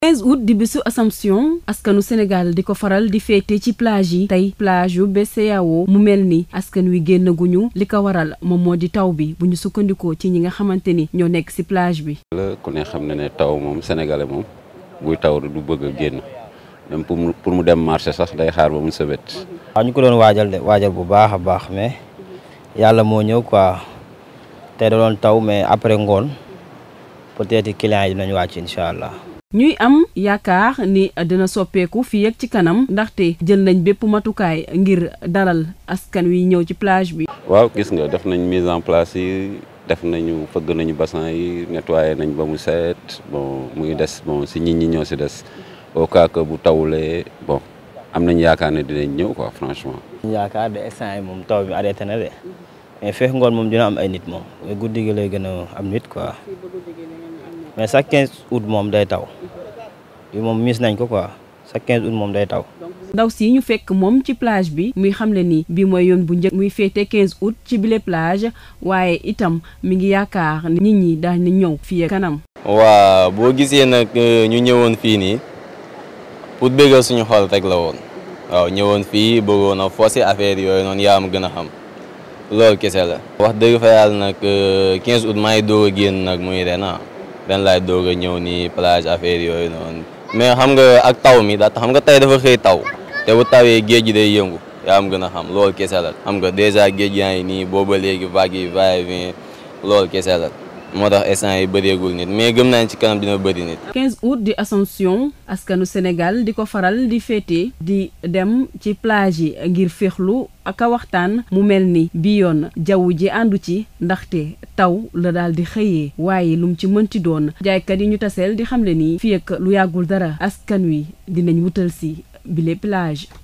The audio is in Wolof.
15 août di bisu Assomption askanu Sénégal di ko faral di féete ci plage yi tey plage yu BCEAO mu mel ni askan wi génnaguñu li ko waral moom moo di taw bi bu ñu sukkandikoo ci ñi nga xamante ni ñoo nekk si plage bi. ku ne xam na ne taw moom sénégalais moom buy taw du bëgg génn même pour mu dem marché sax day xaar ba mu sëbët. waaw ñu ko doon waajal de waajal bu baax a baax mais yàlla moo ñëw quoi. tey da taw mais après ngoon peut-être clients yi dinañu wàcc incha allah. ñuy am yaakaar ni dina soppeeku fii ak ci kanam ndaxte jël nañ bépp matukaay ngir dalal askan wi ñëw ci plage bi. waaw gis nga def nañ mise en place yi def nañu fëgg nañu bassin yi nettoyé nañ ba mu set bon muy des bon si nit ñi ñoo si des au cas que bu tawulee bon am nañ yaakaar ne dinañ ñëw ko franchement. yaakaar de instant yi moom taw bi arrêté na de. mais feex ngoon moom dina am ay nit moom guddi gi lay gën a am nit quoi mais chaque quinze août moom day taw bi moom miis nañ ko quoi chaque quinze moom day taw. ndaw si ñu fekk moom ci plage bi muy xamle ni bi mooy yoon bu njëkk muy féete quinze août ci bile plage waaye itam mi ngi yaakaar nit ñi daal ni ñëw fii kanam. waa boo gisee nag euh, ñu ñëwoon fii nii pour béggal suñu xol rek la woon waaw ñëwoon fii bëggoon a forcer affaire yooyu noonu yaa am gën a xam. loolu kese la. wax dëgg fa yàlla nag 15 euh, août maa ngi doog a génn nag muy ren ah ren laay doog ñëw nii plage affaire yooyu noonu. mais xam nga ak taw mi daa xam nga tey dafa xëy taw te bu tawee géej gi day yëngu yaa am gën a xam loolu kese la. xam nga dèjà géej yaa ngi nii booba léegi vagues yi va et vient loolu kese la. moo tax instant yi bëreegul nit mais gëm naa ne ci kanam dina bëri nit. 15 di Ascension askanu Sénégal di ko faral di féete di dem ci plage yi ngir féexlu ak a waxtaan mu mel ni bi yoon jaww ji àndu ci ndaxte taw la daal di xëyee waaye lu mu ci mënti doon jaaykat yi ñu taseel di xamle ni fii ak lu yàggul dara askan wi dinañ wutal si bile plage.